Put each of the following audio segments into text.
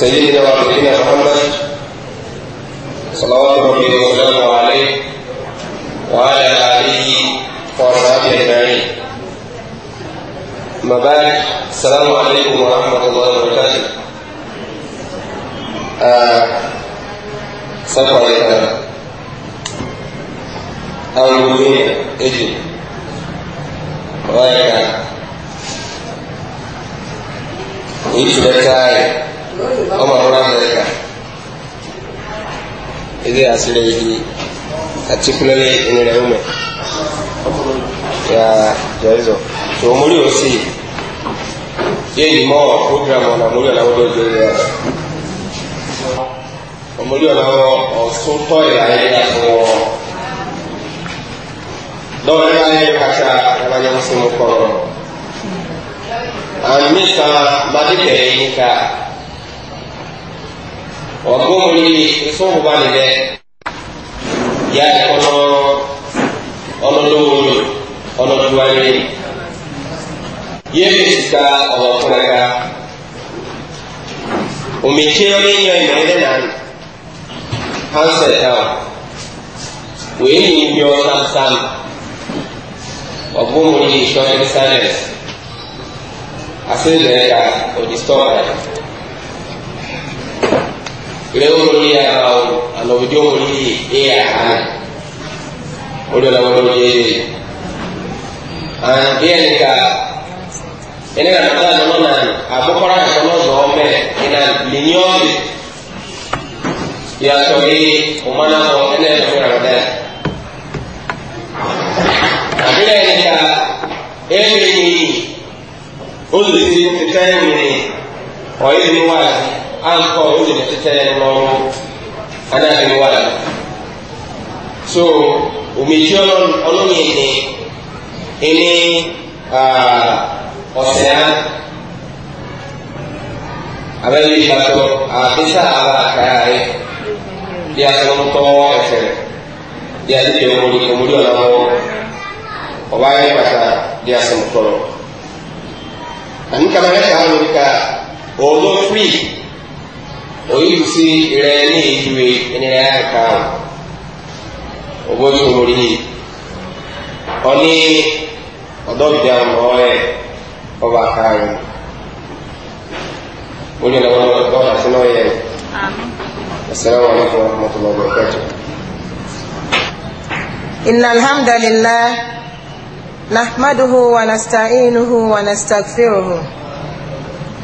سيدنا ونبينا محمد صلوات ربي وسلامه عليه وعلى آله وأصحابه أجمعين أما بعد السلام عليكم ورحمة الله وبركاته سفر إلى المؤمنين اجي وإلى إيش بتاعي ọmọ ọ̀rọ̀ amẹ́ríkà ilé àṣírí yìí particularly in rẹ̀ ọmọ ya jẹ́rìzọ̀ tó mórí ó sì yéèyì mọ́ program ọ̀nà mórí ọ̀làwọ́dọ̀ ọjọ́ ilé rẹ̀ ọmọdé ọ̀làwọ́ ọ̀tún tọ́ ìlànà ìlànà fún ọ dɔw yɛrɛ b'a ye ka ca yaba ɲɛmuso mu kɔrɔ ani ka mali kɛ ni ka ọgbọmọlili ìfowópamọ́ lẹ ya ẹkọnọ ọlọdọwọlọ ọlọdọwọlẹ yẹmi sika ọwọkulaka omekyerɛni nyɛ nyɛ nan hansɛ ɛwɔ wei ni nyɛ ɔsansan ɔbɔmɔlili short silence ase lɛ ka o disturb ayi reoroliya aw anobijomoli eyahana odolamodoje biyani ka ene ka nabla nono nan abokora kasono zoome ina linyobe yasogi omana ko ene nomiramadala abila ene ka emeyi olutitayamini oyiri ni ah, ah, waazi ankɔ wuli ne tɛtɛ lɔrɔ ana fi wala so omidzi ɔlɔnu ene ene ɔsɛya abe yi atɔ abisa aba kaya yi di asɔrɔtɔ ɛfɛ di ati tɛ omoli omoli ɔlɔwɔ ɔba yɛ pata di asɔrɔtɔ ani kama yɛ ka alo ka ɔlɔ firi oyisi rɛni iwe ɛnira kan ogbodi omori ɔni ɔdɔbida mɔɛ ɔba kan wọ́n yẹn lọ́wọ́ lọ́wọ́ lọ́wọ́ àti náà yẹn asalaamu alaykum wa rahmatulahi wa barakatu. إن الحمد لله نحمده ونستعينه ونستغفره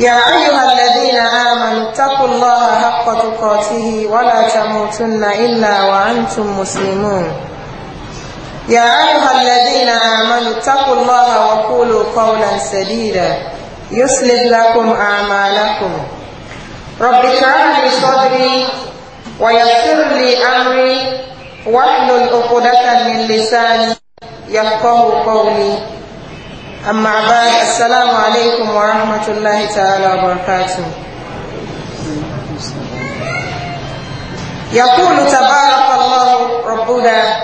يا أيها الذين آمنوا اتقوا الله حق تقاته ولا تموتن إلا وأنتم مسلمون يا أيها الذين آمنوا اتقوا الله وقولوا قولا سديدا يصلح لكم أعمالكم رب اشرح لي صدري ويسر لي أمري واحلل عقدة من لساني يفقه قولي أما بعد السلام عليكم ورحمة الله تعالى وبركاته يقول تبارك الله ربنا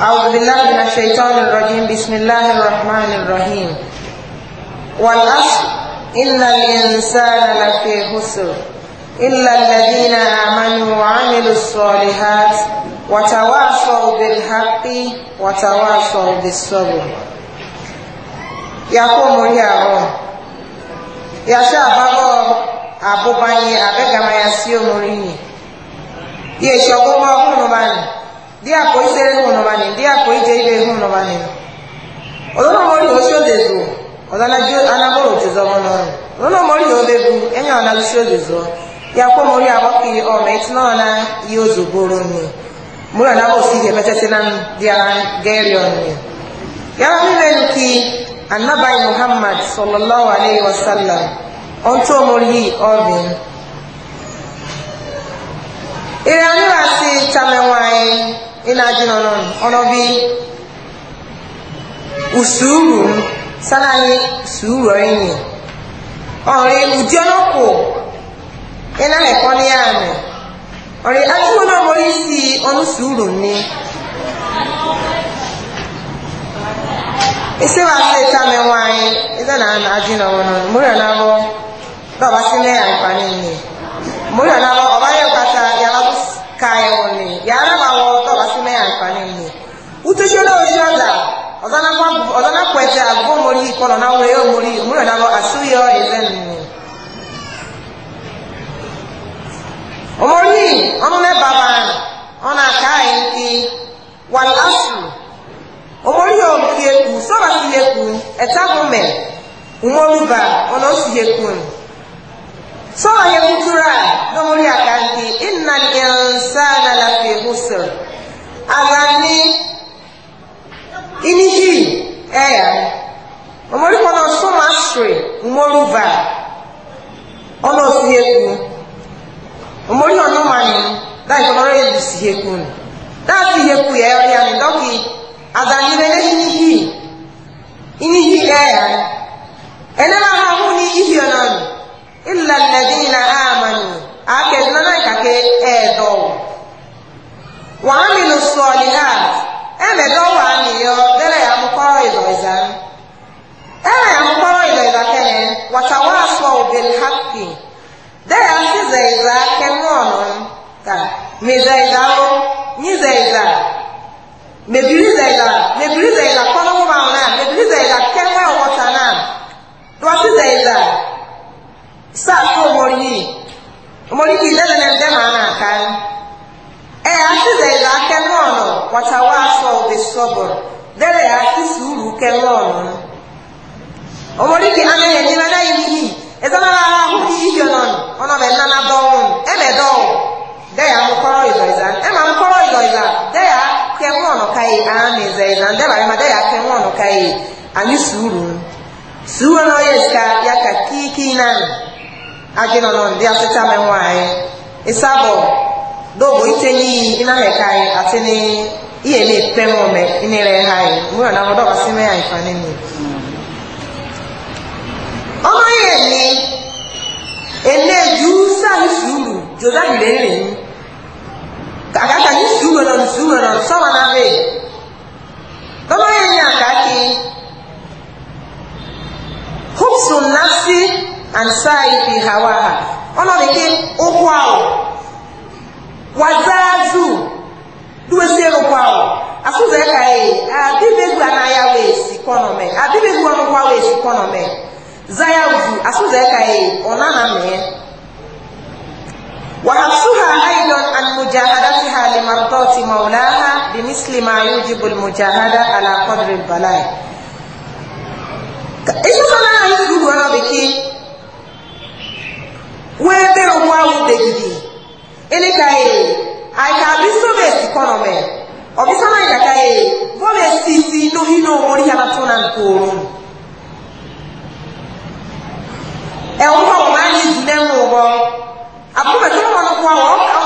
أعوذ بالله من الشيطان الرجيم بسم الله الرحمن الرحيم والأصل إن الإنسان لفي خسر إلا الذين آمنوا وعملوا الصالحات وتواصوا بالحق وتواصوا بالصبر ya awo yasɛ abụbanye abobanyi abɛgama yasi omori yi yesi ɔgbɔgbɔ hunubani di akɔ isere hunubani di akụ ije ibe hunubani ọdụrụ mori osi odezu ɔlɔlɔdzo anabolo odzozɔ mɔnɔ ɔlɔlɔ mori odezu enya ɔnalisi odezu ya awo ki ɔmɛ etina ɔna yi ozogboro nu mura na annabai muhammad sallallahu alaihi wasallam ọtọ mori ọbin ìrìn àjò àti tamẹwàáyé ìlàjì nọ ọ̀nà bí ùsùrù sáláyé sùúrù ẹ̀yìn ọ̀rẹ́ ìlúdí ọlọ́pọ̀ iná ẹ̀kọ́ ní àmì ọ̀rẹ́ ajúmọ̀ náà mori sí ọ̀nù sùúrù isi wa ase tame wanyi ise na na adi na wono muri na ya nkwani ni muri na bo oba yo ya kai woni ya na ba wo ya nkwani ni utu na ojaza ozana kwa kwete agbo muri ko na wo yo muri omori omori ya ɔmo yɛ ku soba si yɛ ku ɛta ho mɛ omori ba ɔno si yɛ ku no tụrụ a kutura na omori akanti ina nyansa na lafi ehu sɛ agani iniji ɛya omori kɔ na ɔsoma omori ba ɔno si yɛ ku omori ɔno ma azalibele inihi inihi ɛya ɛnɛma ha ho ni ihi ɔnam ila ladina amanu akɛse nana kake ɛɛdɔ wàhánu sɔɔli ha ɛnɛ dɔ wàhánu yɔ dɛrɛ yà mú kɔrɔ ìdɔ ìzá dɛrɛ yà mú kɔrɔ ìdɔ ìzá kɛnɛ wàtà wà sɔ òbɛlì hapi dɛrɛ yà sí zɛ ìzá kɛnɛ ɔnà ká mi zɛ ìzá wo nyi zɛ ìzá mebiriza ila mebiriza ila kɔnɔ ŋmaa na mebiriza ila kɛmɛ wɔta na dɔsiza ila sa ko mori yi mori yi lɛ lɛ ndɛ maa na kan ɛ asiza ila kɛmɛ ɔnɔ wɔta waa sɔ bi sɔbɔ dɛlɛ asi suuru kɛmɛ ɔnɔ omori yi ana yɛ nyina na yi yi ezana la ahu yi yi yɔ nɔn ɔnɔ bɛ nana dɔwɔn ɛmɛ dɔw dɛ ya mo kɔrɔ idɔ iza ɛma mo kɔrɔ idɔ iza dɛ ya kẹwọn ọ̀nà káyé àmì zẹ̀yìn náà ndẹ́bà rẹ̀ mọ̀dẹ́ yà kẹwọn ọ̀nà káyé ànyí sùúrù sùúrù náà yẹ sika yà kà kíkí náà agbẹ́nà náà ndí asẹ́tà mẹ́wọ́n ayé ìsàbọ̀ dóòbò ìtẹ́yí iná mẹ́ káyé àti ní iye ní pẹ́mọ́ mẹ́ iná rẹ̀ háyé múlò náà wọ́n dọ́wọ́ sí mẹ́ àìfàní mi. ọmọ yẹn ni ẹnẹ́ sáà ní sùúrù jòdá ìrẹ́rẹ́ yìí ka kàkà kà ní ọrụ si ní sùúrù lọ sọ́wọ́n náà bẹ́ẹ̀ lọ́mọ yẹn ní àkàkì húpsù nàfsì ànsá ìfì hawa ha ọnọdụ kí ụkwụ ahụ wazaazụ duwesie ụkwụ ahụ asụzụ ya ka ị e, adịbegwu anaghị wee si kọnọme adịbegwu ọnụkwa wee si kọnọme zaya uzu asụzụ ya ka ị e, ọ na naghị ya. ونفسها أيضا عن مجاهدتها لمرضاة مولاها بمثل ما يوجب المجاهدة على قدر البلاء إذا فلا يجب أن بك ويبر الله بجدي إلي كاي أي كابي سوبيس كونومي أبي سمعي كاي بوبي سيسي نوهي نوموري أنا تونا نكورون ẹ̀wọ̀n kọ̀ wọ́n á ní ìdílé wọn bọ́ Aku baca mana kuah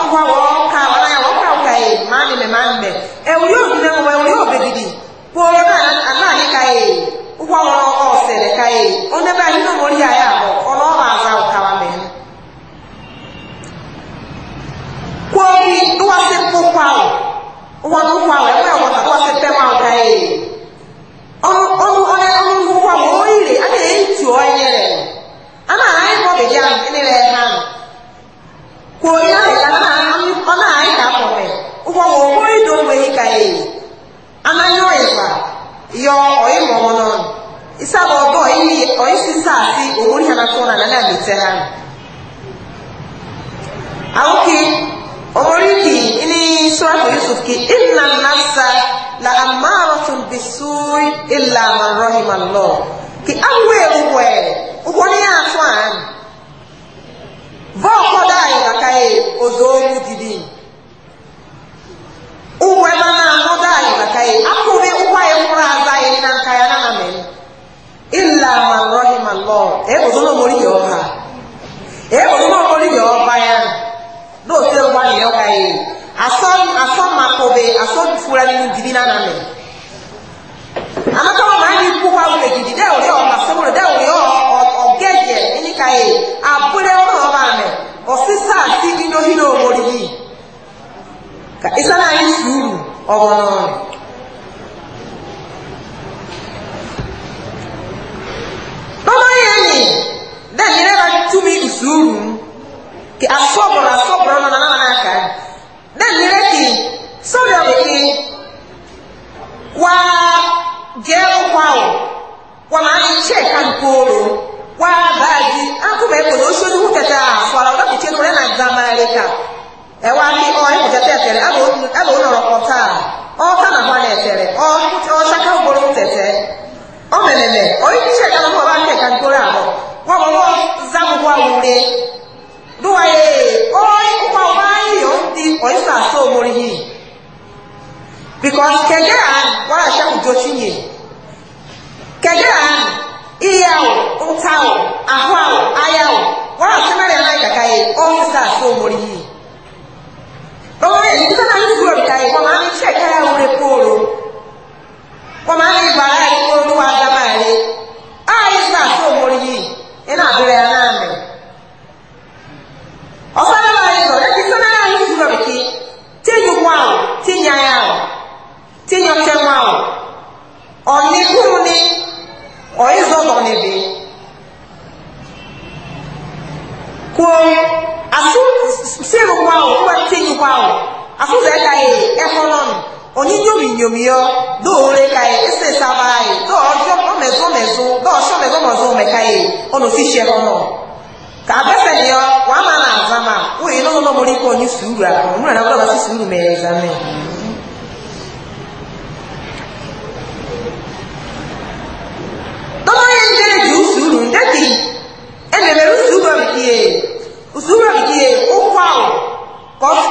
cause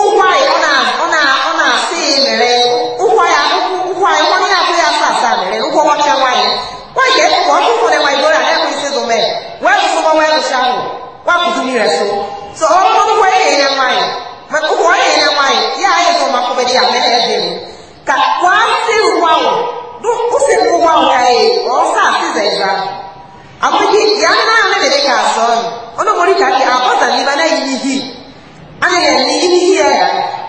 ụkwa ya ọ na ọ na ọ na asị mere ụkwa ya ụkwa ya ụkwa ya akụ ya asa asa mere ụkwa nwacha nwaanyị nwaanyị ka ịkpụkọ ọkụ ụfọdụ nwaanyị bụrụ na ekwe isi dome wee kwụsị ụgbọ wee kwụsị ahụ wapụzi mmiri eso so ọ bụrụ ụkwa ya enye nwaanyị maka ụkwa ya enye nwaanyị ya anyị tụrụ maka obere ya mere ya dịrị ka kwa sị ụkwa ahụ dụ kwụsị ụkwa ahụ ka ya ọ sa asịza ịza abụghị ya naanị dị ka asọ ọnụ mori ka gị abọza n'ibe anaghị n'ihi anyị ga-ele ihe ya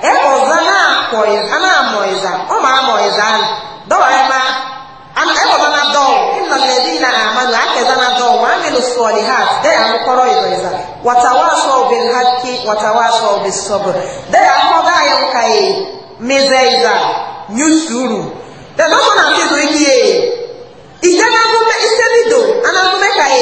e ya ọzọ na-amụiza ọ ma amụiza anyị dọwara na ịkọta e na dọw ịnọ na edi na amanụ akeza na dọw ma amịlụ sọọli ha de ya mkpọrọ ịzọiza watawa asọ obi ha ki watawa asọ obi sọbụ de ya mkpọga anyị nka ya e, meze ịza nyusuru de na ọmụ na ndị zuru ihe ihe na-agụme ise bido a na-agụme ka ya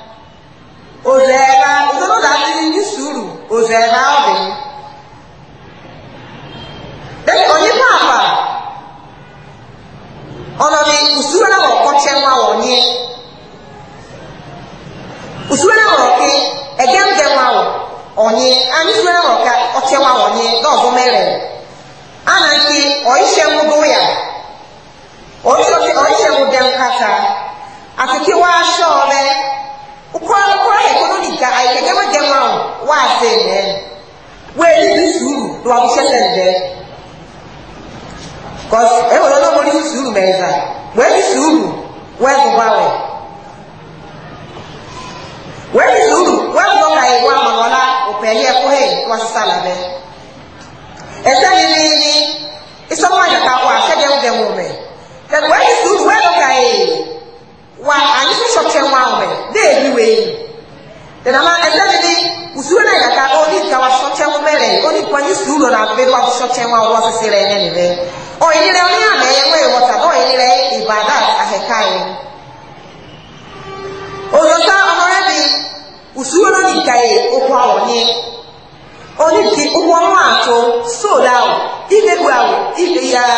òzèèbà ìsọdọ̀dà àti ní sùúrù òzèèbà ọ̀dì bẹ́ẹ̀ ọ̀nyípa àpà ọ̀nọ̀dì ùsùrù náà wọ̀ kọ́kyẹ́ nwa wọ̀ nyé ùsùrù náà wọ̀ kí ẹ̀gẹ́ nwa wọ̀ ọ̀nyé anyị sùrù náà wọ̀ ká ọ̀kyẹ́ nwa ya ọ̀yíhyẹ́ ńgụdụ nkata àti kí wọ́n aṣọ ukura ukura ekonomika ayike ayi kɛkɛ ma jɛma o waa se nɛ wɛli bi suuru do a bi sɛ sɛ nɛ kɔs e wòle n'o mo ni suuru mɛ nza wɛli suuru wɛ ko ba wɛ wɛli suuru wɛ ko ka yi wa ma wala o pɛ yɛ ko hɛ wa sisan la bɛ ɛsɛ ni ni ni isɔngɔ yɛ ka wa sɛ dɛm dɛm o mɛ wɛli suuru wɛ ko yi. wa anyị sị nwa ahụ dị dee hiwe enyi dẹnama ẹnna mi ka usuro ka yàtọ̀ ọdí ìkàwá sọtsẹwó mẹrẹ onye kwanyí sùúrù náà bẹẹ wà sọtsẹwó àwọn nwa rẹ ẹnẹ nìbẹ ọyìn rẹ ọyìn àná na-enwe wọta ọyìn Onye soda ibe ya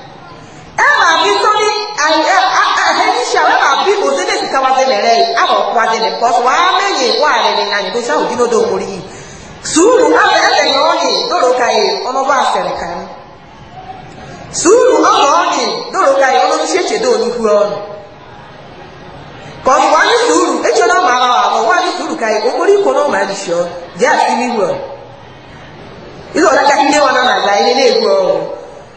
E ma sɔmi ɛhɛni sia ɛma bi ozi ne sika waze lɛ rɛ ama waze lɛ kɔs waa mɛ nye waa lɛ ne nanyi ko sahu dino do mori yi suuru afɛ ɛfɛ nyɛ ɔni lolo ka ye kan suuru ka onu wa ka ye omori ko na ɔma ni sɔ di asi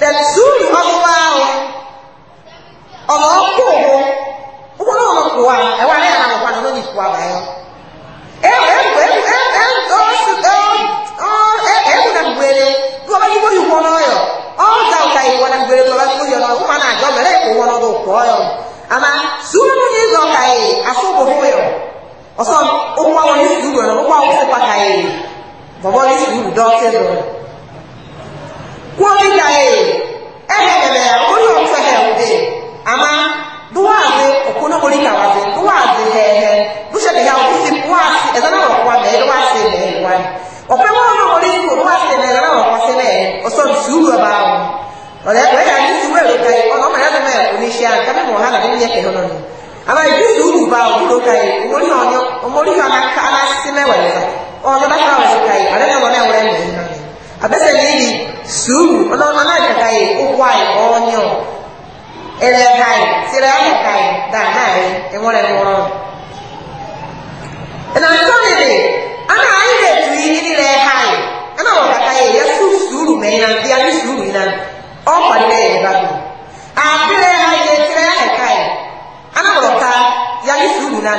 tẹ̀sùn ọ̀fọ̀ ahụ ọ̀nà ọkụ ụgbọ ụgbọ na ọ̀nà kwụwa ẹwà ní àná ọ̀kwà nọ ní kwụwa bàá yọ. ẹ̀ẹ́dùnà gbèrè bí ọba yíwọ́ yìí wọ́n ọ̀yọ̀ ọ̀gá ọ̀ka yìí wọ́n gbèrè bí ọba yíwọ́ yìí wọ́n ọ̀ma náà gbọ́ mẹ́rẹ́ èkó wọ́n ọ̀dọ̀ ọ̀kọ̀ ọ̀yọ̀ àmà sùúrù ní ìzọ̀ ọ̀ka yìí asọ́gbọ̀ fún yọ̀ ọ̀sán ó mú àwọn ní sùúrù ọ̀nà ó mú àwọn sí pàkà yìí bọ̀bọ̀ ní sùúrù dọ́ọ̀tẹ́ lọ́rọ̀ ama wọ́n bí dàáyé ẹ̀hẹ̀rẹ̀ orí ọ̀tọ̀ ẹ̀hẹ̀rẹ̀ àmá duwaazi ọ̀kúnú orí kàwázi duwaazi hẹ̀ẹ̀hẹ̀ dúṣẹ̀dẹ̀ yà ọ̀kú sí wáàsì ẹ̀dá náà ọ̀kọ́ mẹ́ẹ̀ duwaazi mẹ́ẹ̀ wáyé ọ̀pẹ́ wọn náà orí kò duwaazi mẹ́ẹ̀ ẹ̀dá náà ọ̀kọ́ sí mẹ́ẹ̀ ọ̀sọ́ sùúrù ẹ̀ bá wọn ọ̀rẹ́ wẹ́ẹ́ yà ní sùúrù ẹ̀rọ kàyé ọ̀nà ọmọ yàtọ̀ mẹ́ẹ̀ oníṣẹ́ àkàbí mọ̀ hàn àbí yẹ àmà ìdí sùúrù bá òkúrò kàyé òmòrí náà ọmọrí yọ aná sí mẹ́wàá ẹ̀fà ọ̀nyọ́ bá sáwà sí kàyé àdéhùn ọmọ náà wọlé mẹ́rin náà àbẹ́sẹ̀ léèrè sùúrù ọlọ́run náà kàkà yìí ó kó àyè kọ́ ní ọ̀ ẹ̀rẹ̀ ẹ̀ka yìí tìrẹ̀ ayé ẹ̀ka yìí dà náà yìí ẹ̀wọ̀n rẹ̀ wọ́n rọ̀. ẹ̀nà tó nìlè ana ayé rẹ̀ tù yìí ní rẹ̀ ẹ̀ka yìí ẹ̀nà wọ̀ kàkà yìí yẹ sùn sùúrù mẹ́yìn náà bí a ní sùúrù yìí náà ọ̀ pàdé ẹ̀ bá dùn. àbẹ̀rẹ̀ ayé tìrẹ̀ ayé ẹ̀ka yìí ana wọ̀ ká yà ní sùúrù náà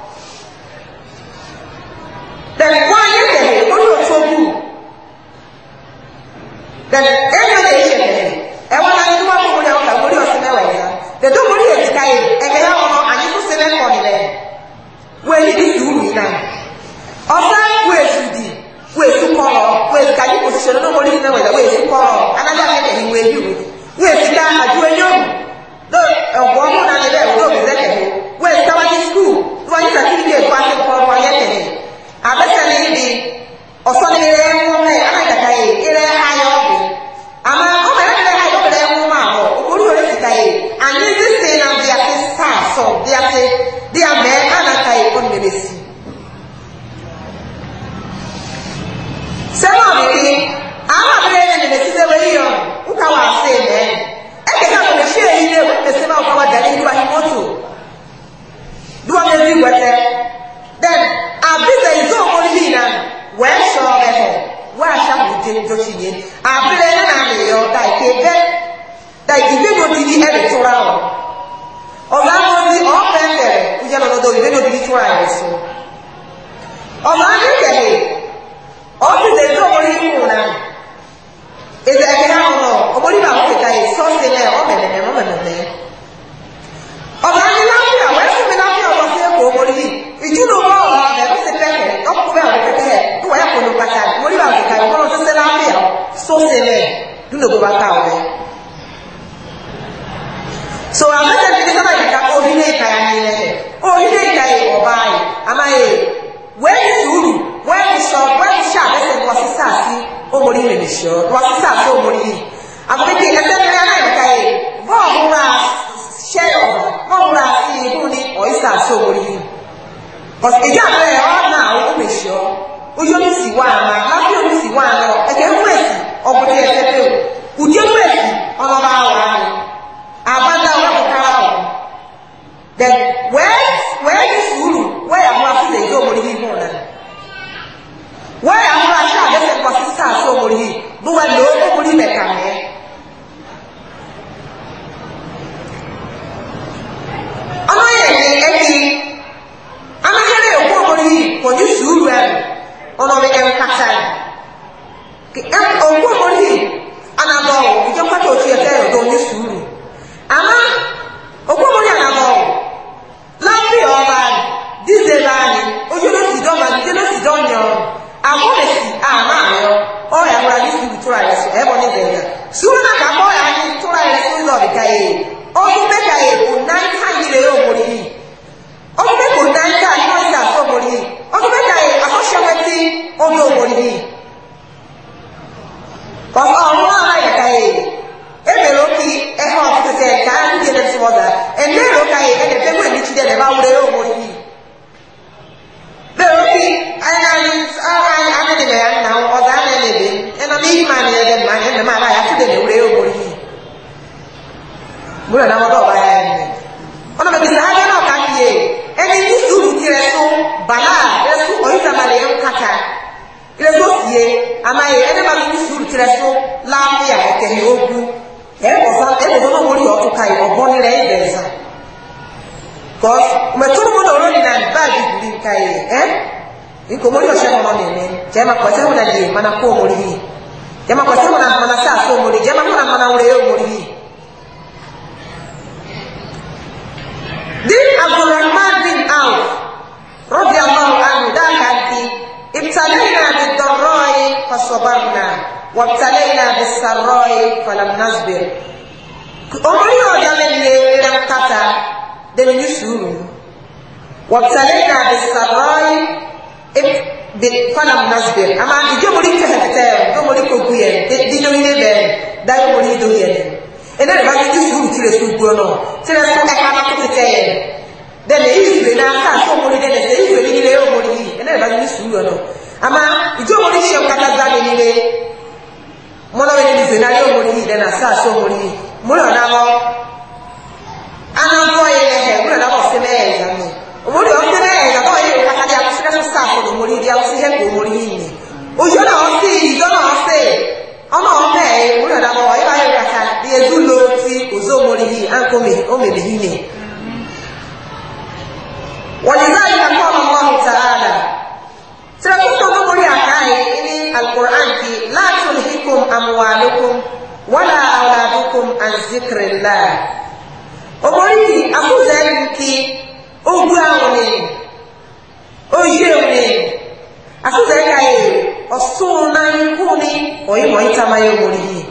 then wọ́n ayé tẹ̀lé ó ní òtún ogún then ẹ̀yọ́ lè ṣe lẹ̀ ẹ̀ wọ́n ayé tí wọ́n mú orí ọ̀kà orí ọ̀sẹ̀ mẹ́wàá yẹn the dog orí ètìká yẹn ẹ̀gẹ́ yà wọ́n ayé tó ṣe mẹ́kọ̀ nílẹ̀ wọ́n èyí ní ìlú mi náà ọ̀sán wọ́n èsù di wọ́n èsù kọ̀rọ̀ wọ́n èsù kàyí position ní orí mẹ́wàá yẹn wọ́n èsù kọ̀rọ̀ anájà kẹ̀kẹ́ ìwé yìí wọ́n èsù ká àdúrà yóò ọ̀gbọ́n mú náà níbẹ̀ wọ́n èsù kẹ̀kẹ́ wọ́n èsù káwá abɛsɛ ne bi ɔsɔ ne yɛrɛ ɛmu mɛ ana kaka yɛ yɛrɛ ha yɛ ɔbi ama ɔbɛ yɛrɛ yɛrɛ ha yɛ ɔbɛ ɛmu ma hɔ okuru yɛrɛ sika yɛ ani ne se na deɛ te saa sɔ deɛ te deɛ mɛ ana ka yɛ ɔnu bɛ si sɛm a bɛ kiri. Oh. ene ne ba ke isuru tire suguo no tire so ɛka na ko tete dɛnɛ isuru na aka so mo ni dɛnɛ sɛ isuru ni nyina yɛ mo ni yi ene ne ama ijo mo ni hyɛ nkata za ne ni ne mo na yɛ isuru na yɛ mo ni yi dɛnɛ asa so mo ni yi se na yɛ ɛza mi mo de ɔse na yɛ ɛza na ɔyɛ yɛ kata de akosika so sa omorihi anko omebihini ولذلك قال الله تعالى تلكم نمري أكاي إني القرآن كي لا تلهكم أموالكم ولا أولادكم عن ذكر الله أمري أبو ذلك أبواني أجيوني أبو ذلك أصول ما يكوني ويمو يتما يمريه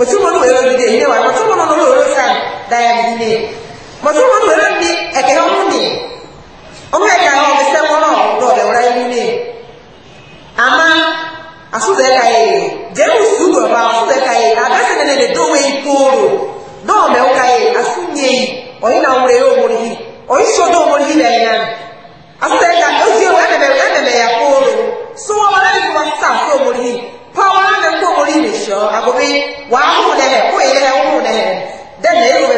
mọ̀túnmọ̀ ní wẹ̀rẹ̀ lóde ilé wa mọ̀túnmọ̀ ní wẹ̀rẹ̀ sàn dáyà ní ilé mọ̀túnmọ̀ ní wẹ̀rẹ̀ ní ẹ̀kẹ́ ọmú ni ọmọ ẹ̀ka ọmọ ẹ̀sẹ̀ wọn náà lọ́ọ̀dẹ̀ wọ́n ayé nílé àmà àsúzẹ̀ ẹ̀ka yẹ jẹ́mu sùúrù ọba àsúzẹ̀ ẹ̀ka yẹ àbẹ́sẹ̀ nínú ilé dọ́wọ́ ìkóró dọ́ọ̀mẹ̀ ẹ̀ka yẹ àsúnyẹ̀ yìí ọ̀yìn náà wọ́n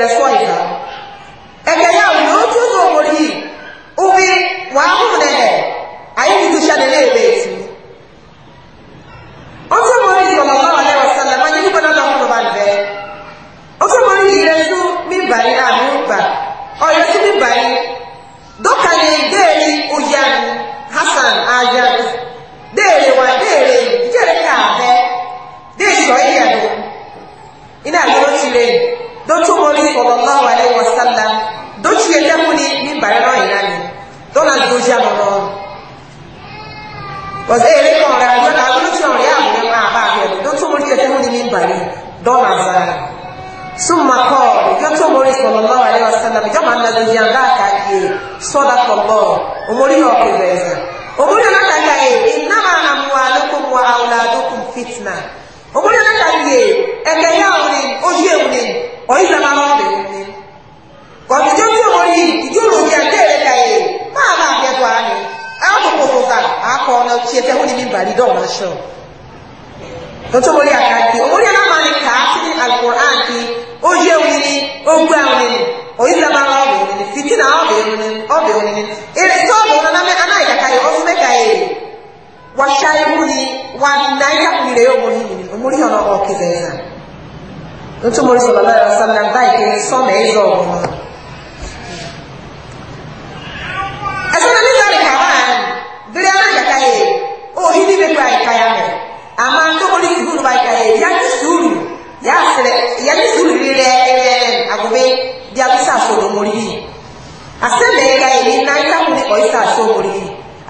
that's Swahili. shayi buri wanda ya kulire yo muri ni muri hono okizeza ntu muri sallallahu alaihi wasallam dai ke so me izo ono asana ni zari kawan bire ana ya kai o hidi be kai kaya me ama ntu muri hulu bai kai ya ni suru ya sere ya ni suru rire agube dia bisa so muri asana ya kai ni na ya muri oisa so muri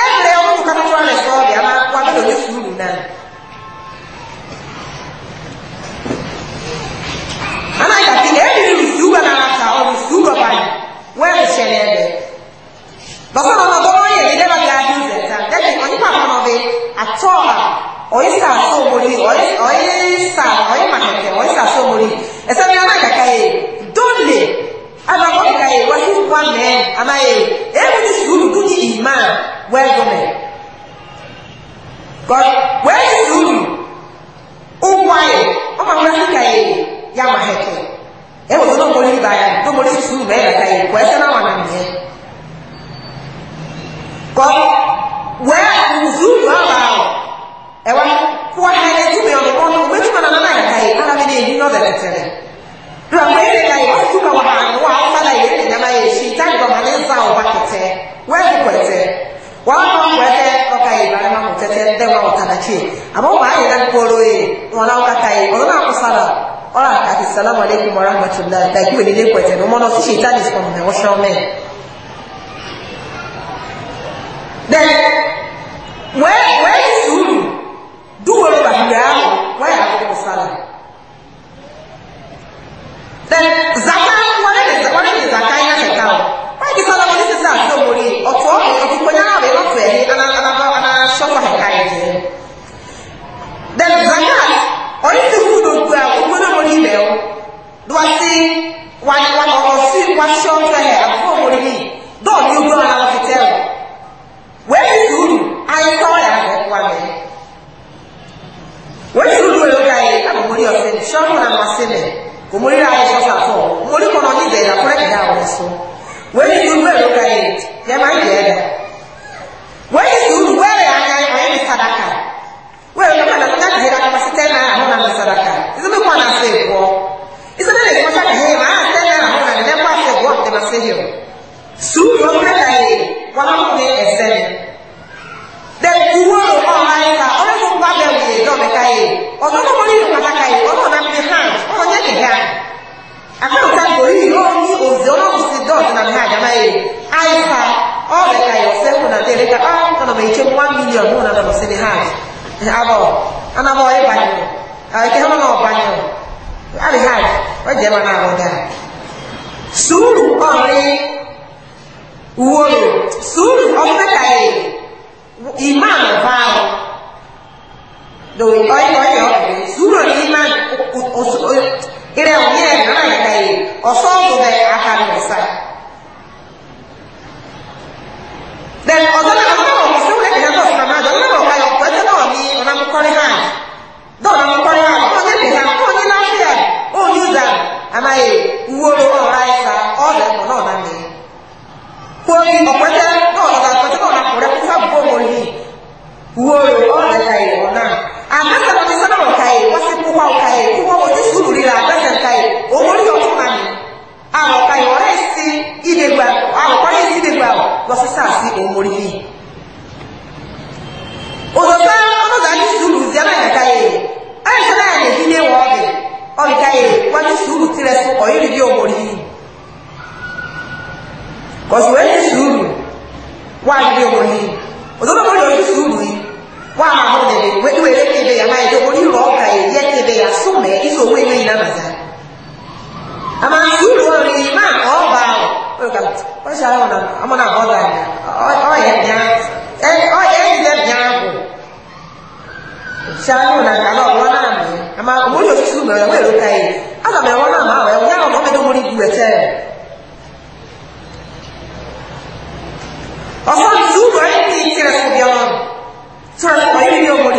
ɛbrɛ wo mu kakakora ne sɔɔ deɛ ama wabɛdɛ ɔnyɛ suru nan ana yati ɛdiri rusuba na ata ɔ rusuba ba yi wɛrɛ hyɛ ne ɛbɛ bɔsɔ na ɔbɔ wɔn yɛ ɛdɛ ba gaa bi nsɛ ta ɛdɛ ɔnipa kɔnɔ bi atɔ a ɔyɛ sa asomori ɔyɛ ɔyɛ sa ɔyɛ makɛkɛ ɔyɛ sa asomori ɛsɛ mi ana kaka yɛ dole ana wɔka yi wɔhe wa mɛn ana yi ebi ti suuru ko ti ima wɛgo mɛ kɔ wɛyi suuru ugwa yi ɔma wɔn ahi ka yi ya ma hɛkɛ ɛwɔ sɛ ɔmɔ yi ba ya ɔmɔ yi suuru mɛ ɛyɛ ka yi kɔ ɛsɛ na wɔn na mɛ kɔ wɛɛ suuru ɔba ɛwɔ kɔ ɛyɛ ti mɛ ɔmɔ ɔmɔ wɔn ti mɛ ɔmɔ na yɛ ka yi ala mi na yi ni ɔbɛ bɛ tɛrɛ. ita gɔmane nsa a ɔba kɛtɛ wɛɛko kɔtɛ wɔakɔ kɔtɛ ɔka yi ba ma ko tɛtɛ dɛ wa ɔtadakye ama wɔn ayɛ na kporo yi wɔn na ɔkata yi wɔn na akɔ sara ɔra ati salamu aleykum wa rahmatulah daiki wele ne kɔtɛ no mɔna ɔsi ita ni sɔmɔ mɛ wɔsɔn mɛ dɛ wɛɛ wɛɛ suuru duwɔlo ba yaa wɔyɛ akɔ sara dɛ zaka. wàlọ́sí wáṣọ ọ̀tẹ̀lẹ̀ àbúrò wọlé yìí dọ́ọ̀ ní ogún ara wọn fi tẹ́ ọ. wẹ́ẹ́ fi sùúrù ayé kọ́ ọ̀yà àgbọ̀ wà mẹ́. wẹ́ẹ́ fi sùúrù wọlé ọ̀gá yìí àbò mórí ọ̀sẹ̀ ní sọ́ọ̀mù náà máa ṣe mẹ́ kò mórí ra ayé sọ́ọ̀tà fọ́ mórí kọ́ náà níbẹ̀ yà kúrẹ́ kìlá àwọn ẹ̀sọ́. wẹ́ẹ́ fi sùúrù wọlé ọ̀gá yìí yẹ máa ń yẹ ẹ̀ wẹ́ẹ́ fi sùúrù wẹ́ẹ̀rẹ̀ ayé ayé ní sùúrù ọ̀rẹ́dà yìí wọn á kún ní ẹsẹ̀ mi. dẹ̀kú wọ́ọ̀rù ọ̀la yìí ká ọ̀rẹ́ fún bá bẹ̀rù yìí dọ̀mẹ́ka yìí ọ̀dọ́ tó mọ nínú pàtàkì yìí ọ̀dọ́ náà fi hàn ọ̀rọ̀ yẹn kì í hàn. àkọ́ǹtà kò rí ìlú ọ̀hún ní òzì ọlọ́run sí dọ́ọ̀tì náà ní àjàmá yìí àyíká ọ̀rẹ́ka yìí ọ̀sẹ̀ kùnà tẹ̀lé ká ọ̀nà mẹ̀ ìkẹ́ one million mú nàdọ̀ lọ sí ní hàn. àbọ̀ anabọ̀ ẹ̀ bàyìí ẹ̀kẹ́ hàn náà bàyìí ọ̀ àlè hàn ọ̀ jẹ́ ẹ̀ máa náà wọ̀ dáa. sùúrù ọ̀rẹ́ uwolo suru ọfẹkaye imam vaawo do ọyọ ọyọ suru imam irẹ ọyẹ nana yẹkaye ọsọọsọ bẹ aha nìsa then ọdọ náà. wóoyò ọ̀dàkà yìí ọ̀nà àmàsà wọn ti sọ́nà ọ̀kà yìí wọ́n sì kúkọ́ ọ̀kà yìí kúkọ́ wọ́n ti sùkúrì rà àgbẹ̀sẹ̀ ọ̀kà yìí owó ní ọ̀tún mà ní. àwọn ọ̀kà yìí ọ̀rẹ́ sí ìdègbà àwọn ọ̀kọ́ yìí sí ìdègbà lọ sí sáà sí òmòrì yìí. òdòdó ọlọ́dà ní sùúrù zẹ́mẹ̀ ẹ̀ka yìí ẹ̀ka náà lè dín ẹ̀wọ̀ ọ̀bì ọ̀kà yìí wọ́n ní sùúrù tirẹ̀ sí ọ̀yẹ́rì bí òmòrì yìí. kọ̀sùwẹ́ ní sùúrù wọ́n á bí òmòrì yìí òdòdó ọlọ́dà ní sùúrù yìí wàá hó lè wéwé lè kébé yà náà yẹ onírò ọkà yẹ yẹ kébé yà súnmẹ ìfò wé ní ìlànà dá àmà ìlú ọrìn ìmá ọba ọgá wọn ṣe àwọn ọmọ náà bọ́ dáa ọyẹ bíá ọyẹ ìdílé bíá bò ṣe àwọn ọ̀nà kan náà wọn náà mọ̀ àmà wọn yóò tútù mọ̀ ẹ̀wọ̀n èrò káyé àgbàmọ̀ ẹ̀wọ̀n náà mọ̀ àwọn Sir, I feel what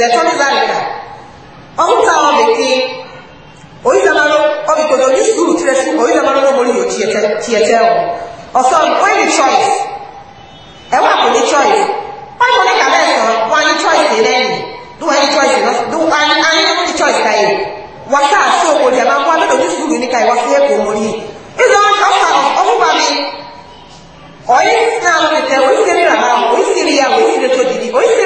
zɛtɔ ne ba nira ɔmu ta ɔmu ti oyi zama no ko do ni sukuu tirɛ su oyi zama no ɔmu yɔ tiɛ o ɔsɔ oyi ni choice ɛwɔ ako ni choice ɔmu ko ne ka bɛ sɔrɔ wa ni choice yi lɛni do wa choice lɔ do wa ni ani ni choice ka wa sa so o jama ko a bɛ do ni ni ka wa se ko mo ni ɛzɔ ɔsa ɔmu ba mi oyi sinna ɔmu ti tɛ oyi sinna ɔmu ti tɛ oyi sinna ɔmu ti tɛ to didi oyi sinna.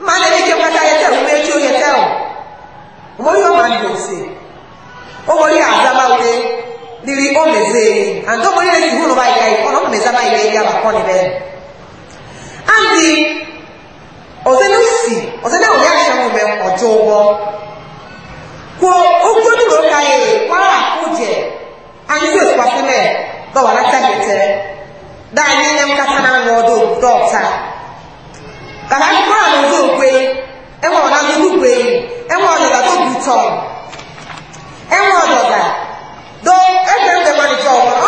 mana ne ke kata ya tɛ wuli eti o yɛ tɛ o mo yɔ ma do se o mo yɛ azama wuli lili o me zee ando mo yɛ ti hu no ba yi ka yi kɔnɔ mo me zama yi ka yi yaba kɔ ne bɛ andi ɔsɛ ne si ɔsɛ ne wòye ahyɛ mo bɛ ɔdzo wɔ ko ogun ni mo ka yi wala ko jɛ anyi daa yi ne mu na ŋɔ do dɔɔta kàkà ní kúrò àwọn ojú òkwe ẹwọ ọ̀nà ní olúkwe ẹwọ ọ̀dọ̀dà tó bù tọ̀ ẹwọ ọ̀dọ̀dà dó ẹgbẹ̀rún ẹgbẹ̀rún ìjọ ọ̀rọ̀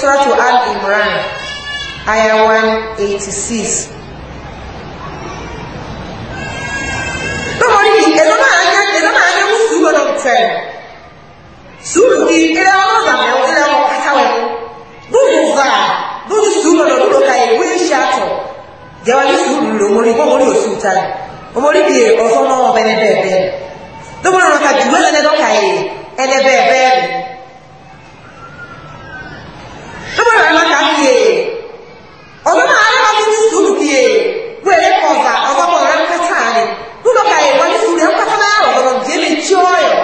suratu al-imran aya 186 lọ́mọdé yìí ẹ̀dọ́ náà anya ẹ̀dọ́ náà anya mú sùúrù ọ̀nà tẹ̀ sùúrù di ilé ọmọ bàbá wọn ilé ọmọ kàtà wọn bóòlù zà bóòlù sùúrù ọ̀nà bóòlù kàyé wíì ṣe àtọ̀ jẹ́wọ́n ní sùúrù lòmórí bọ́ọ̀mọ́rí òsùn táyì ọmọdé bìí ọ̀sán náà ọ̀bẹ ní bẹ́ẹ̀ bẹ́ẹ̀ lọ́mọdé wọn kà jùlọ ẹni dọ́kà yìí ẹni bẹ́ẹ̀ bẹ́ẹ̀ ẹgbẹ́ rẹ̀ lọ́jà ń yè ọ̀dọ́ náà ayé wa ti ti sùúrù kì yè e. wọ́n èyí kọ̀ ọ̀gá ọ̀gá bọ̀ ka yè wọ́n ti sùúrù ẹ̀ pátá náà rọ̀ ọ̀dọ̀ jẹ́ lè tí ọ̀ yọ̀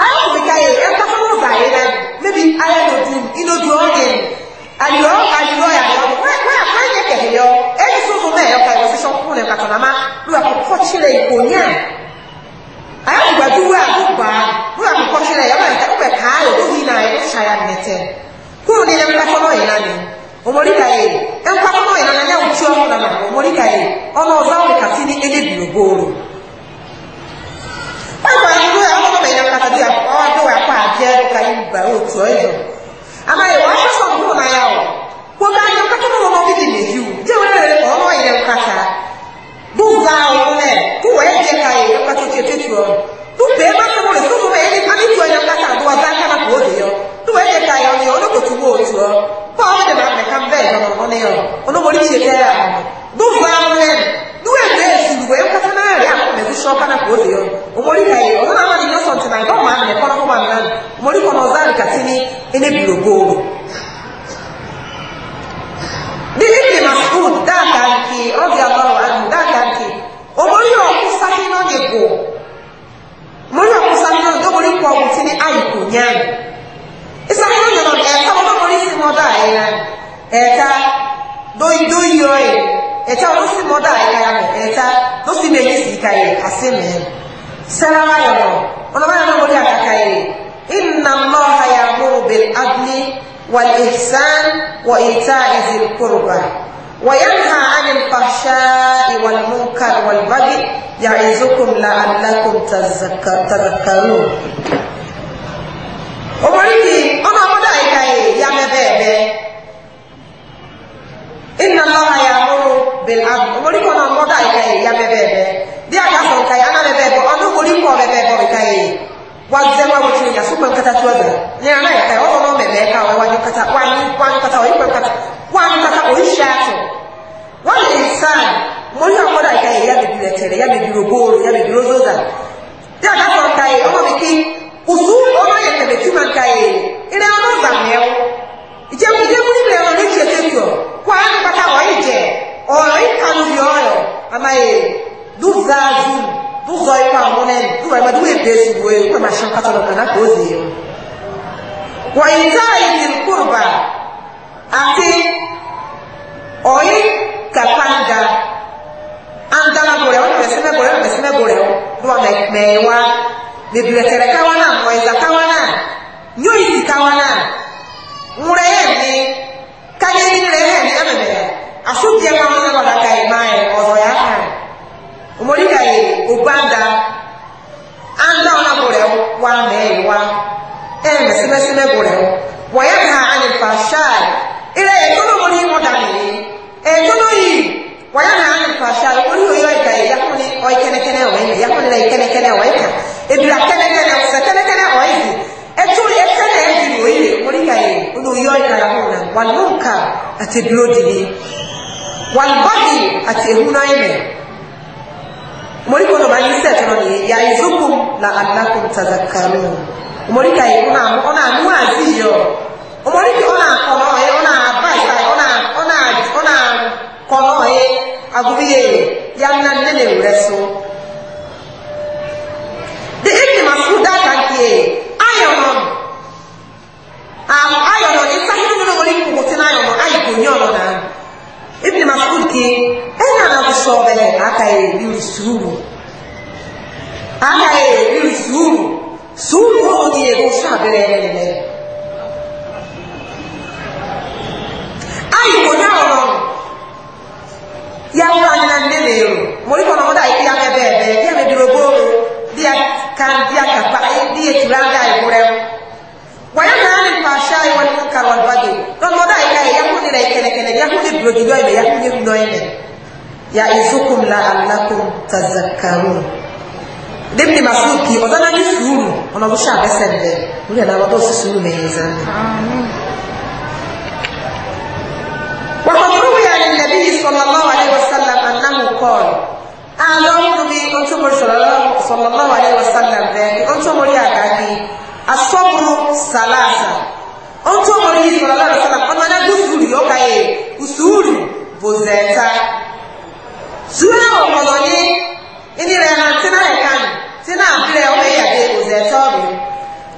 ayé wa ti ka yè ẹ̀ pátá náà bà yé dání níbi ayé tó ti inú di ọ̀gẹ̀ àdìọ́ àdìọ́ yà lọ wọ́n àpá yẹ kẹ̀kẹ́ yọ ẹni sọ́sọ́ náà yọ kàwé sí sọ́kùn rẹ̀ kàtàlámá lúwa kò kọ́ṣílẹ̀ ìkò ní à ayé wa gbàdúrà gbogbo à lúwa kò kọ́ṣílẹ̀ yọ bàtà ó bẹ̀ káà yọ ó yìí náà kúrò ní ẹnkpákọ́ náà yìí nání ọmọdéka yìí ẹnkpákọ́ náà yìí nání ẹnyà wùtú ọmọ nàmà ọmọdéka yìí ọmọ ọzọ wọn kàtí ní ẹnyẹ bìrì gbòòrò. pàápàá ìlú ẹ̀ ọmọ náà yìí nání kàtí ọwọ́ adé wà kọ́ àbíẹ́ ẹ̀ka yìí gbà òtù ọ̀yọ́. àmà yìí wọ́n aṣọ sọ̀rọ̀ kúrò náà yà wọ̀ wọ́n bá yẹn kátó náà wọ́n bíbí nìyí o jẹ́ ó wee dị ka ya onye ọnụ kotubo otu ọ pọl dị na mmeka mbe ịnọ n'ọnụ ya ọnụ mọrị ihe dị ya dụfa nwe duwe mgbe esuru wee kwasa na arịa mmezu shọpa na ka ofe ya ọmọrị ka ya ọnụ na-amaghị nyọsọ ntị na nke ọma ahụ na-ekọrọ ụmụ anụ ọmọrị kọ na ọzọ arịkasị ni enebiri ogbo sí mi sẹ́ra wáyọ̀ wọ̀ ọlọ́wọ́ yẹn lọ́wọ́ ní àkàkà yìí iná lọ́ha ya múrù bẹ̀rẹ̀ adúlé wà ìsán wà ìta ìzì kúrùbà wà yẹn ha ánì pàṣà ìwàl múkà ìwàl bàgì yà ìzókùn la alákùn tàzàkàrù. òmòrí yìí ọ̀nà ọmọdé àyíká yìí yá mẹ́bẹ́ẹ̀ bẹ́ẹ̀ iná lọ́ha ya múrù bẹ̀rẹ̀ adúlé òmòrí kọ́nà ọmọdé àyíká yìí yá mẹ́bẹ́ẹ̀ bẹ́ẹ̀ dia ka so kai ana bebe bo onu gori ko bebe bo kai wa zema wo tuni ya su ko kata tuwa da ni ana ya kai ono no bebe ka wa wa ni kata wa ni wa ni kata wa ni kata wa ni kata o isha to wa insan mo ya ko da kai ya bi dire tere ya bi diro boro ya bi diro zoza dia ka so kai ono bi ki usu ono ya tebe tuma kai ire ono za meo ije mu ije mu ni le ono ni che tetio kwa ni kata wa ije o ri kanu bi oro amaye duzaazu duzɔ yi ma ŋun nɛ duba ma duwe pe sugu ye kuma ma sɛn ka sɔrɔ kana k'o zi ye wa yi zaa yi yiri kuruba ati ɔyi ka panga andala bɔrɛ o mɛ sɛmɛ bɔrɛ o mɛ bɔrɛ o duba mɛ mɛ wa bebile kɛrɛ kawana mɔyisa kawana nyoyi kawana. edura e e e kẹlẹkẹ na ọsẹ kẹlẹkẹ na ọyẹ ẹtúri ẹsẹ na ẹdiri oyè oníyàyè ọdún oyè ọyàrá hó na wàlúùkà àti dúró dìde wàlúbọ́dì àti ehun ayẹmẹ mọ̀ríkọ̀ lọ́ba yìí sẹ́ẹ̀tì náà nìyẹn yàyè zókùn na alákùn tazakaru mọ̀ríkàyè ọ̀nà ọ̀nà àmúhà sí yọ mọ̀ríkà ọ̀nà àkọ̀nà ọ̀yẹ ọ̀nà àbá ìta ọ̀nà ọ̀nà ọ̀nà àkọ̀nà ọ̀yẹ agùnbíyè yànnà nílẹ̀ rẹ̀ sùn. àwọn ayọ̀ náà ní sáyé nínú wọn ní kòkò tí náà yọ̀ ayọ̀ kò ní ọ̀nà náà ibi ma fún ke ẹ̀yìn àná sọ bẹ́ẹ̀ àkàyè ìlú sùúrù àkàyè ìlú sùúrù sùúrù ó ní èrò fún abẹ́rẹ́ rẹ̀ lẹ́ ayọ̀ kò ní ọ̀nà yàwó àyìnà nílé o mo rí kọ́nà wọ́n dà yìí bí abẹ́ bẹ́ẹ̀ bẹ́ẹ̀ bí abẹ́ dúró bóòrò bí a kan bí a kàpa bí ètùrá ń dà ìwúrẹ́ wọ́n yà náà wani munkar wal baghi don mo dai kai ya kuni dai kene kene ya kuni blogi do ya kuni do ne ya izukum la'allakum tazakkarun dibni masuki odana ni suru ona busha besende ule na wado suru meheza amen وقد روي عن النبي صلى الله عليه وسلم انه قال àlọ́rùn bí o tó mọ̀ sọ̀rọ̀lọ́wọ́ alẹ́ wasallam rẹ̀ o tó mọ̀ rí àgbà kí asọ́bùrù sàlásà ọtú ọmọdé yìí sọ̀rọ̀ lọ́rọ̀ sọ̀rọ̀ ọmọ náà bí sùúrù yóò ká yẹ sùúrù bò zẹ̀ẹ̀ta sùúrù ọmọdé ní ẹni rẹ̀ náà tí náà ẹ̀ka nù tí náà bẹ̀rẹ̀ ọmọ ìyàdé bò zẹ̀ẹ̀ta ọ̀rẹ́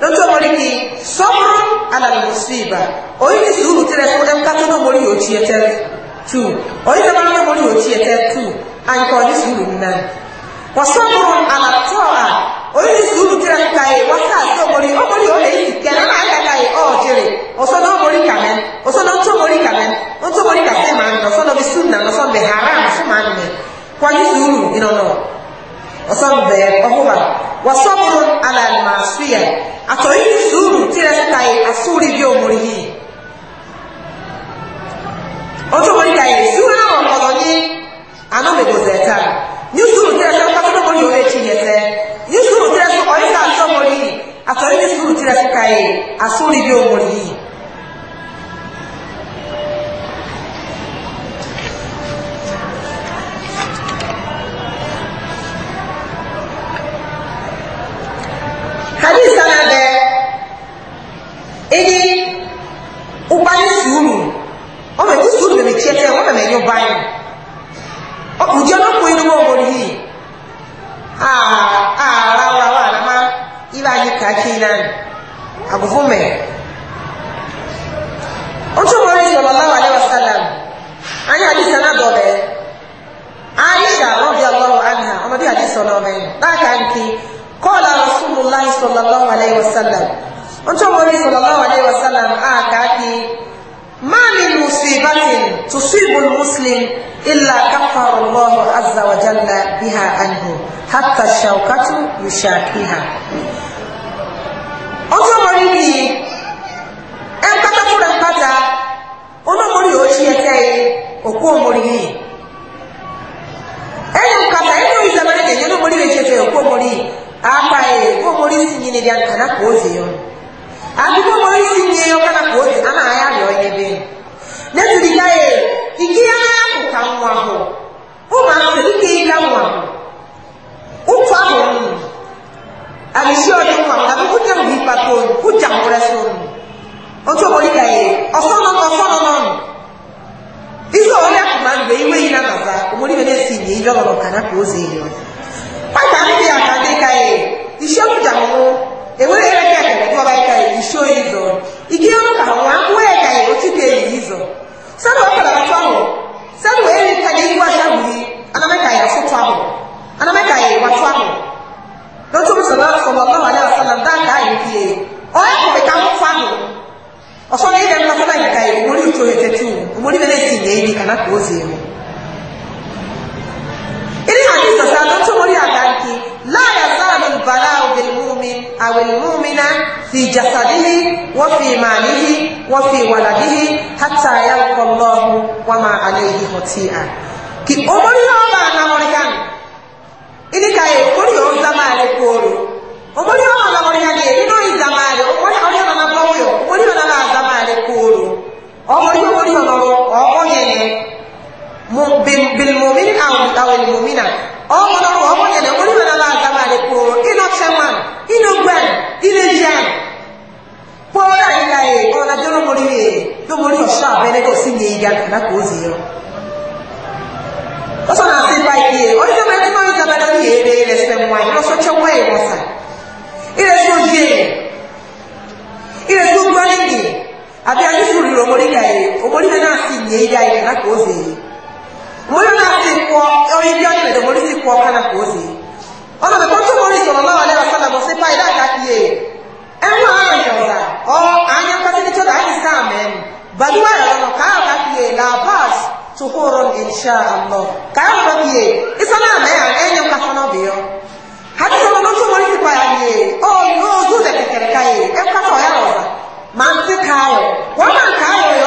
lọ́tú ọmọdé kì í sọ́mọ́ alàlùmọ̀sí ìbà oyin ní sùúrù tí rẹ̀ fún ẹ̀ka tó náà mọ̀rí yóò tiẹ̀ tẹ́ tù oyin tó náà mọ̀rí yóò tiẹ̀ tẹ́ tù àyíkọ́ ní sùúrù náà wasabu anatoa oyiri suru jira nka ye wasa ase obori obori o le yi gɛlɛ na aya ka ye ɔ jere ɔsɔn na obori kamɛ ɔsɔn na ntɔ obori kamɛ ntɔ obori kase maa nina ɔsɔn na bi sun na ɔsɔn bɛ haram fún maa nina kɔnyi suru yina nɔ ɔsɔn bɛ ɔhuba wasabu alalmasuya atɔ yiri suru jira nka ye asuri bi omori yi ɔtɔ obori ka ye suru ahɔn kɔlɔnyi anamegozɛta yusuf tẹ sọ kọtọ mọ yóò ekyi yẹ sẹ yusuf tẹ sọ ọyẹ ká sọ mọ yìí àtọyẹ yusuf tẹ sọ ká yìí asọri bí ọmọ yìí. hadisa na bɛ ɛni ɔba ne suuru ɔmɛ ti suuru mɛ mɛ tiɛ tiɛ ɔmɛ mɛ nyɔ ban. ọkùnrin ọdún kò inú a wọlé yìí ààrà wa wà anyị ibà yìí kàkí náà àgùfún mẹ ojú mọ́rí ìjọba láwà lẹ́wà anyị ayé na anádọ́bẹ̀ aisha rọ́bì ọlọ́wọ́ anha ọmọdé àdìsí ọlọ́bẹ̀ na nkì kọ́ọ̀lá rasulullah sallallahu alayhi wa sallam ojú mọ́rí sallallahu mi تصيب المسلم إلا كفر الله عز وجل بها عنه حتى الشوكة يشاكيها ọjọ́ mọ̀rí ni ẹ ń pátá fúnra ń pátá olómọ̀rí ò ṣí ẹsẹ̀ yìí òkú òmòrí yìí ẹ̀yìn kàtà ẹ̀yìn tó ìjọba ní ẹ̀yìn olómọ̀rí rẹ̀ ṣe fẹ́ òkú òmòrí àpá ẹ̀ òmòrí sì yìí ni ìdí àkànà kò ó ṣe yọ àbí òmòrí sì yìí ọkànà kò ó ṣe àmà ayáàlú ọ̀yẹ́ bẹ́ẹ̀ n'eziga ya ike ya akụka nwa ahụ ụmụ ahụ ike ịga nwa ụkwụ ahụ nnu abisi ọdị nwa abụ kụja mgbe ịkpata onu kụja mkpụrụ esi onu otu obodo ka ya e, ọsọ nọ ọsọ nọ n'ọnụ isi ọrịa akụma mgbe iwe yi na naza obodo ibe na-esi nye ile ọlọrọ ka na ka ozi ihe pata ndị a ka ndị ka ya e, isi ọkụja mụrụ ewere ya ka ekele kọba ka isho izo igi ọrụ ka nwa akwụwa ya ka oti dị eyi izo sanu ọkara atọ ahụ sanu eri ka dị ihu ahịa bụ anameka ya asụtụ ahụ anameka ya ịwatụ ahụ n'otu m sọrọ afọ ma ọlọrọ ya asọ na ndị aka anyị bie ọya kụrụ ka akwụkwọ ahụ ọsọ na ịdị mma fọdụ anyị ka ya omori ito etetu omori mere si na enyi ka na ka ozi emu ịdị ha jizọs adọtụ omori aga nke laa ya البلاء بالمؤمن أو المؤمنة في جسده وفي ماله وفي ولده حتى يلقى الله وما عليه خطيئة kì omori yóò bá a namori kan ini ka ye omori yóò zamaare kóoru omori yóò bá a namori kan ye inú yi zamaare omori yóò bá a namori yóò omori yóò bá a zamaare kóoru omori yóò omori yóò lọ ọkọ nyẹnyẹ mu bilimomini awo awo ilimomina ọmọ náà ọkọ nyẹnyẹ omori yóò bá a zamaare koro ina chairman ina gwen ina jan pọ́ọ́dà ìlà ẹ̀ ọ̀nà jẹ́ lọ́mọrí ẹ̀ lọ́mọrí ọ̀ṣọ́ àbẹ́lẹ́gọ̀ sí ní ìyá ìdákò ó zèé ọ́ ọ̀sán àti ìgbà ìdí ẹ̀ ọdún jọba ẹni máa ń jọba lórí èrè rẹ̀ sẹ̀ wọ́n ẹ̀ lọ́sọ́ tẹ́ wọ́n ẹ̀ wọ́n sà ilẹ̀ tó di ẹ̀ ilẹ̀ tó gbọ́ nìyí àbí adúsù rí ọmọrí ìlà ẹ̀ ọmọrí náà sì ní ìyá ìdákò ó zèé ọmọrí náà sì kọ́ ọ ọ̀nà ìbọn tó mọ̀rí sọ̀rọ̀ lọ́wọ́ alẹ́ ọ̀sán làbọ̀ sí fáyidá kàkíyè ẹ̀wọ̀n àwọn ìyọ̀dà ọ̀ àyẹ̀ pàṣẹ́lẹ́tọ̀ láti sáà mẹ́rin baluwa yàrá lọ káyọ̀ kàkíyè làbáàs tukoro insha allah káyọ̀ kàkíyè ìsọ̀nà àmẹ́yà ẹ̀yẹ kásánà bìyọ́ hàbí sọ̀rọ̀ lọ́tọ̀ mọ̀rí sí fáyidá ó yóò dùn dẹ̀ kẹ̀kẹ̀rẹ̀ káyè ẹ̀ kásọ̀ yàrá ọ̀sán máa ń ti káyọ̀ wọ́n máa ń káyọ̀ yọ̀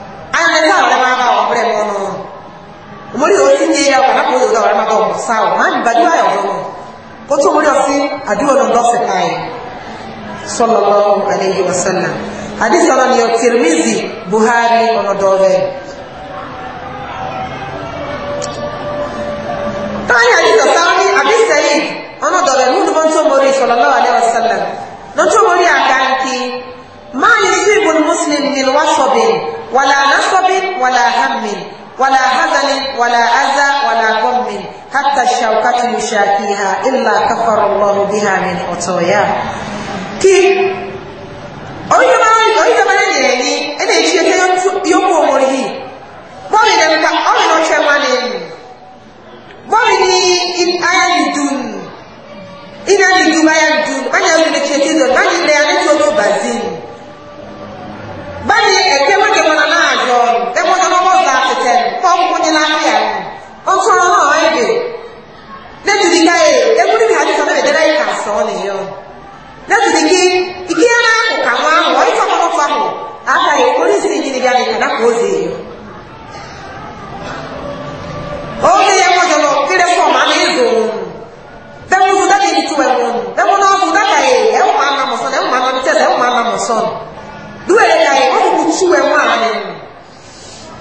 sawa maji badua ya zomo kocho muri asi adua no ndose kai sallallahu alayhi wasallam hadithi ona ni Tirmizi Buhari ono dove tani hadithi sami hadithi hii ono dove mundu bonto muri sallallahu alayhi wasallam donto muri akanti ma yusibu almuslim min wasabin wala nasabin wala hammin wala hazanin wala aza wala ghammin حتى الشوكة يشاكيها إلا كفر الله بها من خطايا كي أي ما أي ما يعني أنا شيء يوم عمره بابي لما أنا ما شمالي بابي إن أنا دون إن أنا دون أنا دون أنا أقول لك شيء دون أنا اللي أنا شو بازين báyìí ẹ̀kẹ́ mọ́jọba náà náà jọ ẹ̀mọ́jọba mọ́ta àtẹ̀tẹ̀ fọ́nkú ní lápẹ́ àná ó tún rán àwọn ẹ̀dẹ̀ lẹ́bi ti ka ye ewu ni hali sọ lẹ́bi dẹ́rẹ́ yìí kà sọ ọ́ nìyọ lẹ́bi ti ki ìkí yẹn náà kò kà wọ́n àwọn ọ̀yìn sọ̀kọ̀ fà hù àtà yìí polisi ni jìnnì gà nìyẹn náà kò ó zèyí. ó ní yẹn wọ́n jọlọ kílẹ̀ fún ọmọ àti ìzò wọn bẹ́ẹ̀ mú sọ́dọ̀ yìí tu ẹ̀wọ̀n bẹ́ẹ̀ mú náà fún dàgbà yìí ẹ̀wọ̀n àná mọ̀sán ẹ̀wọ̀n àná mọ̀sán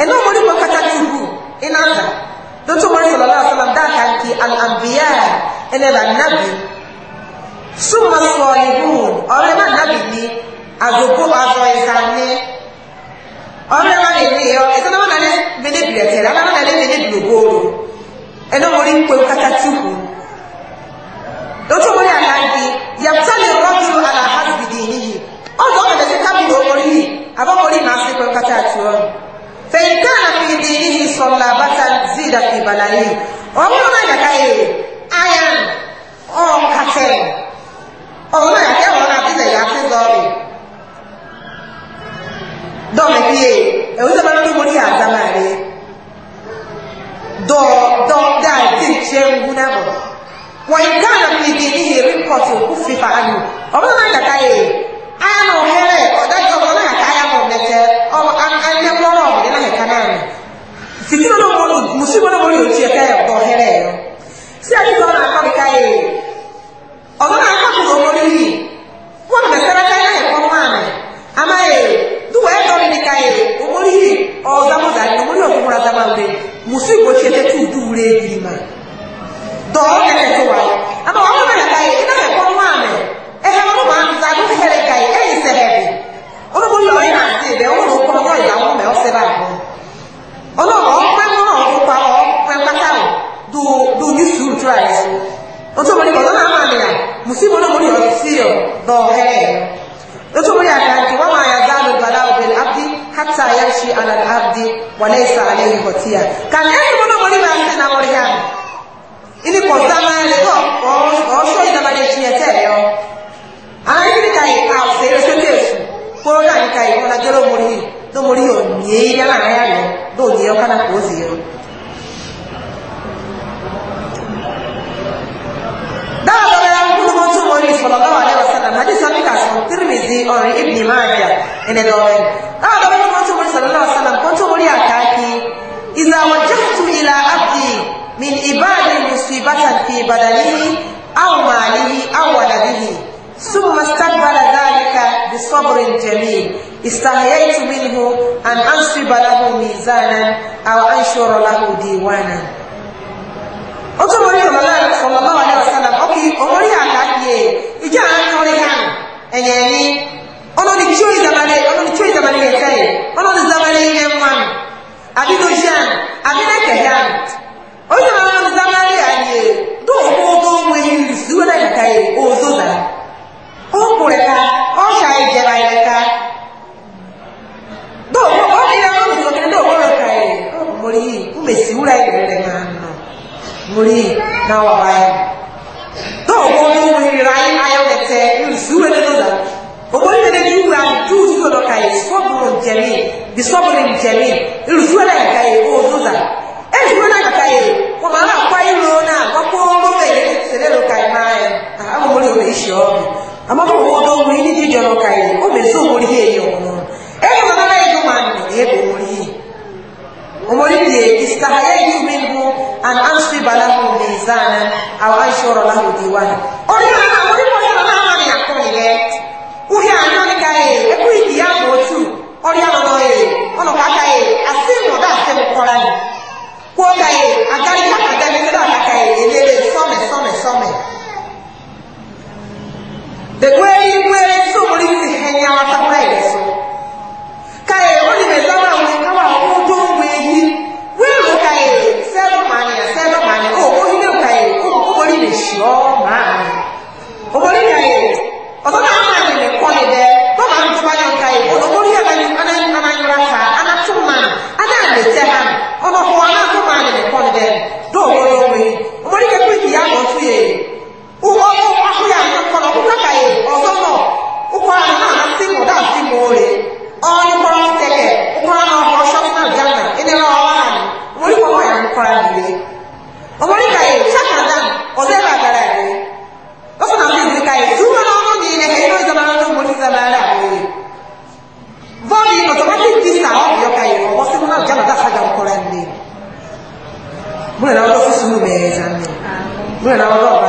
ɛnna wɔn de wɔn kata tugu ɛnna ata dɔtɔ wɔn sɔrɔ la sɔrɔ da kan ki alambiya ɛnna ba nabi suma sɔɔni buhu ɔrɛ ma nabi ni agogo azɔ ɛsani ɔrɛ ma ni ni yɔ ɛsɛ na ma na ne mene bi ɛsɛ ɛsɛ na ma na ne mene bi ogo do ɛnna wɔn de wɔn kata tugu dɔtɔ wɔn yà kan ki yabtali rɔbi ala hasidi nihi ɔzɔ ɔmɛ tɛ se fẹ̀yìntàn fi di ní sọ̀lá bàtà sí ìdàkì ìbàlàyé ọ̀hún náà yàgá yẹ ayan ọ̀kàtẹ̀ ọ̀hún náà yàgá ọ̀hún náà bíbẹ̀ yà fi zọ́ọ̀rì dọ́ọ̀mẹ̀ bí yẹ ẹ̀wọ́n sábà ń dúró ní àdámà rẹ̀ dọ́ọ̀ dọ́ọ̀ dáa ti ṣe ń gún náà bọ̀ wọ̀nyìntàn fi di ní yẹ rí kọ̀tù kú fífa àlù ọ̀hún náà yàgá yẹ ayan ọ̀hẹ́rẹ̀ ọ̀dájọ́ ọ ọ̀rẹ́ náà ẹ̀ka náà nù sìkí ló mọ mùsùlùmí ló mọ ní òtí ẹ̀ka ẹ̀kọ́ ọ̀hẹ́rẹ́ ẹ̀rọ sí àdìsọ náà akọ́ mi káyé ọ̀rọ̀ náà akọ́ kò mọ níyì wọ́n mi nàṣẹ́ bẹ́ẹ̀ náà ẹ̀kọ́ máa nì àmà ẹ̀ dùwọ̀ ẹ̀kọ́ mi ní káyé ọmọ níyì ọ̀dàmọ̀dà ni ọmọ níyì ọ̀kúnra dàmàgbé mùsùlùmí kò tiẹ̀ tẹ́tù dùwúrẹ́ yìí mà dọ̀ọ́ kẹ̀kẹ́ tó wáyé àmà wọ́n mi nà káyé náà ẹ̀kọ́ máa nì ẹ̀hẹ́ wọn máa ń ta ló fẹ́rẹ̀ káyé ẹ̀yìn sẹ́hẹ̀ bì ọlọ́mọ kọtíyà ká ní bisɔbiri jɛli irusuo na yaka yi o zuza erusuo na yaka yi kɔmɔ ala kɔ ayi ro na kɔkɔ ro bɛ yi sɛlɛ ro ka yi maa yɛ aha mo mori o bɛ si ɔbi ama mo wo do wuli ni jijɔ ro ka yi o bɛ so mori yi yi ɔmo eyi mo nana yi do ma mori o mori yi isitahaya yi mi mu an an si bala mu mi zana awo an si ɔrɔ la o di wa ɔdi na na mori mori na na ma ni akɔ yi The way, way, so many things hanging out of 快来到！